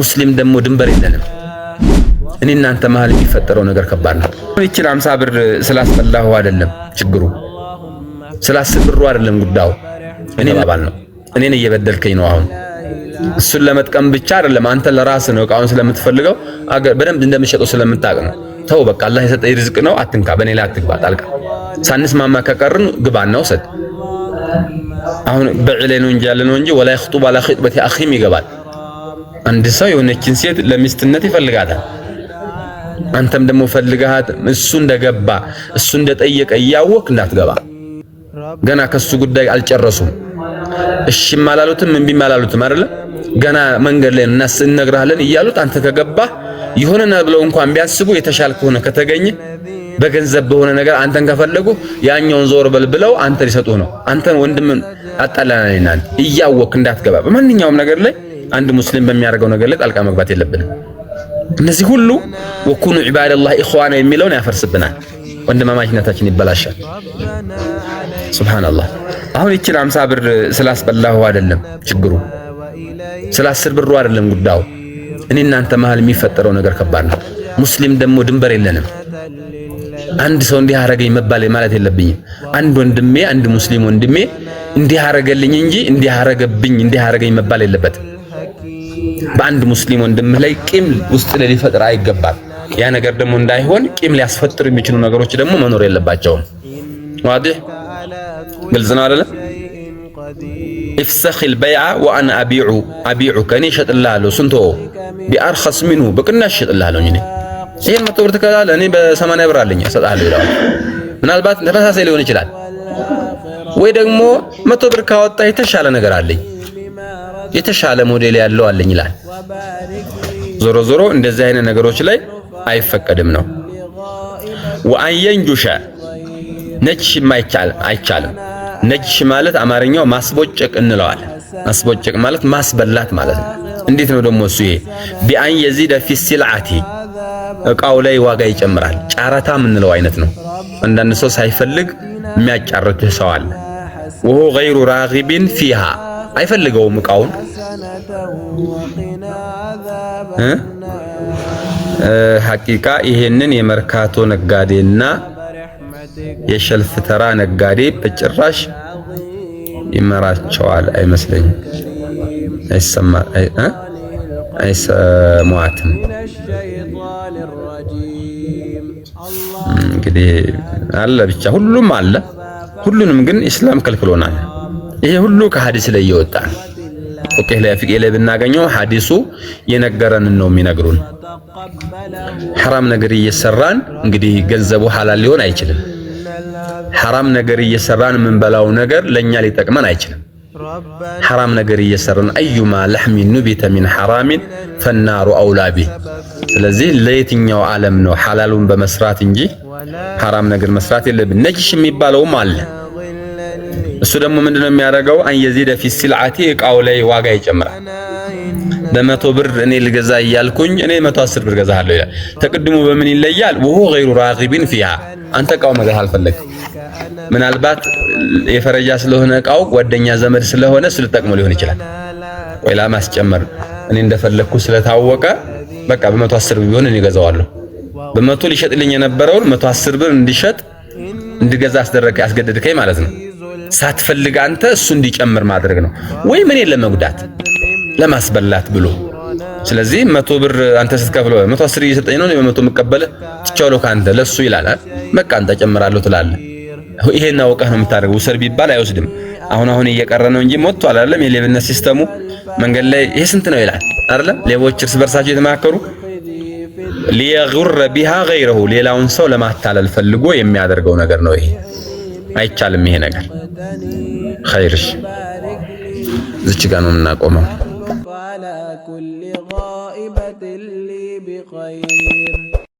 ሙስሊም ደግሞ ድንበር የለንም። እኔ እናንተ መሀል የሚፈጠረው ነገር ከባድ ነው። ይችል አምሳ ብር ስላስጠላሁ አይደለም ችግሩ፣ ስላስብሩ አይደለም ጉዳዩ። እኔ ባል ነው እኔን እየበደልከኝ ነው። አሁን እሱን ለመጥቀም ብቻ አይደለም አንተ ለራስ ነው እቃውን ስለምትፈልገው በደንብ እንደምትሸጠው ስለምታውቅ ነው። ተው በቃ አላህ የሰጠኝ ርዝቅ ነው። አትንካ፣ በኔ ላይ አትግባ ጣልቃ። ሳንስማማ ከቀርን ግባና ውሰድ። አሁን በዕለ ነው እንጂ ያለ ነው እንጂ ወላ ይخطب على خطبه اخيም ይገባል። አንድ ሰው የሆነችን ሴት ለሚስትነት ይፈልጋታል። አንተም ደግሞ ፈልጋት እሱ እንደገባ እሱ እንደጠየቀ እያወቅ እንዳትገባ። ገና ከሱ ጉዳይ አልጨረሱም። እሺም አላሉትም እምቢም አላሉትም አይደለ? ገና መንገድ ላይ እናስ እነግርሃለን እያሉት አንተ ከገባ ይሆነናል ብለው እንኳን ቢያስቡ የተሻለ ከሆነ ከተገኘ በገንዘብ በሆነ ነገር አንተን ከፈለጉ ያኛውን ዞር በል ብለው አንተ ሊሰጡህ ነው። አንተን ወንድምን አጣላናልናል እያወክ እንዳትገባ። በማንኛውም ነገር ላይ አንድ ሙስሊም በሚያደርገው ነገር ላይ ጣልቃ መግባት የለብንም። እነዚህ ሁሉ ወኩኑ ዒባደላህ ኢኽዋና የሚለውን ያፈርስብናል። ወንድማማችነታችን ይበላሻል። ሱብሃንአላህ። አሁን ይችን አምሳ ብር ስላስበላሁ አይደለም ችግሩ፣ ስለ ብሩ አይደለም ጉዳዩ። እኔ እናንተ መሃል የሚፈጠረው ነገር ከባድ ነው። ሙስሊም ደግሞ ድንበር የለንም። አንድ ሰው እንዲህ አረገኝ መባል ማለት የለብኝም። አንድ ወንድሜ አንድ ሙስሊም ወንድሜ እንዲህ አረገልኝ እንጂ እንዲህ አረገብኝ እንዲህ አረገኝ መባል የለበትም። በአንድ ሙስሊም ወንድም ላይ ቂም ውስጥ ሊፈጥር አይገባል ያ ነገር ደግሞ እንዳይሆን ቂም ሊያስፈጥር የሚችሉ ነገሮች ደግሞ መኖር የለባቸውም። ዋዲህ ግልጽ ነው አይደለ? ኢፍሰኺል በይዓ ወአና አቢዑ አቢዑ ከኔ እሸጥልሃለሁ ስንቶ ቢአርኸስ ሚኑ በቅናሽ እሸጥልሃለሁ እኔ ይህን መቶ ብር ትከፍላለህ፣ እኔ በሰማንያ ብር አለኝ እሰጥሃለሁ ይላል። ምናልባት ተመሳሳይ ሊሆን ይችላል ወይ ደግሞ መቶ ብር ካወጣ የተሻለ ነገር አለኝ የተሻለ ሞዴል ያለው አለኝ ይላል። ዞሮ ዞሮ እንደዚህ አይነት ነገሮች ላይ አይፈቀድም ነው። ወአን የንጁሸ ነጅሽ አይቻልም። ነጅሽ ማለት አማርኛው ማስቦጨቅ እንለዋለን። ማስቦጨቅ ማለት ማስበላት ማለት ነው። እንዴት ነው ደግሞ እሱ ይሄ ቢአን የዚደ ፊ ሲልዓቲ እቃው ላይ ዋጋ ይጨምራል። ጫረታ የምንለው አይነት ነው። አንዳንድ ሰው ሳይፈልግ የሚያጫርትህ ሰው አለ። ወሆ ገይሩ ራጊቢን ፊሃ አይፈልገውም እቃውን ሐቂቃ ይሄንን የመርካቶ ነጋዴና የሸልፍ ተራ ነጋዴ በጭራሽ ይመራቸዋል አይመስለኝም። አይሰማ አይሰማትም። እንግዲህ አለ ብቻ ሁሉም አለ። ሁሉንም ግን ኢስላም ከልክሎናል። ይሄ ሁሉ ከሐዲስ ላይ እየወጣ ነው። ላይ ፊቅህ ላይ ብናገኘው ሐዲሱ የነገረን ነው የሚነግሩን። ሐራም ነገር እየሰራን እንግዲህ ገንዘቡ ሐላል ሊሆን አይችልም። ሐራም ነገር እየሰራን የምንበላው ነገር ለኛ ሊጠቅመን አይችልም። ሐራም ነገር እየሰራን አዩማ ለሕሚ ኑቢተ ሚን ሐራሚን ፈናሩ አውላቢ። ስለዚህ ለየትኛው ዓለም ነው ሐላሉን በመስራት እንጂ ሐራም ነገር መስራት የለብን። ነጅሽ የሚባለውም አለ። እሱ ደግሞ ምንድነው የሚያደርገው? አንየዚደ ፊ ሲልዓቲ እቃው ላይ ዋጋ ይጨምራል። በመቶ ብር እኔ ልገዛ እያልኩኝ እኔ መቶ አስር ብር ገዛለሁ ይላል። ተቅድሙ በምን ይለያል? ወሁ ገይሩ ራቂቢን ፊሃ አንተ እቃው መግዛት አልፈለግም። ምናልባት የፈረጃ ስለሆነ እቃው ጓደኛ ዘመድ ስለሆነ ስለጠቅሞ ሊሆን ይችላል። ወይ ማስጨመር እኔ እንደፈለግኩ ስለታወቀ በቃ በመቶ አስር ብር ቢሆን እኔ ገዛዋለሁ። በመቶ ሊሸጥልኝ የነበረውን መቶ አስር ብር እንዲሸጥ እንድገዛ አስደረገ ያስገደድከኝ ማለት ነው። ሳትፈልግ አንተ እሱ እንዲጨምር ማድረግ ነው ወይ ምን ለመጉዳት ለማስበላት ብሎ ስለዚህ መቶ ብር አንተ ስትከፍለው መቶ አስር እየሰጠኝ ነው መቶ የምቀበልህ ትቻለው ከአንተ ለሱ ይላል። በቃ አንተ ጨምራለሁ ትላለህ። ይሄን አውቀህ ነው የምታደርገው። ውሰድ ቢባል አይወስድም። አሁን አሁን እየቀረ ነው እንጂ ሞቶ አላለም። የሌብነት ሲስተሙ መንገድ ላይ ይሄ ስንት ነው ይላል አይደለም። ሌቦች እርስ በርሳቸው የተማከሩ ሊየጉረ ቢሃ ገይረሁ ሌላውን ሰው ለማታለል ፈልጎ የሚያደርገው ነገር ነው ይሄ። አይቻልም ይሄ ነገር። ኸይርሽ ዝች ጋ ነው የምናቆመው። كل